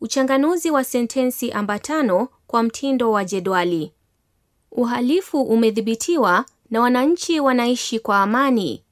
Uchanganuzi wa sentensi ambatano kwa mtindo wa jedwali. Uhalifu umedhibitiwa na wananchi wanaishi kwa amani.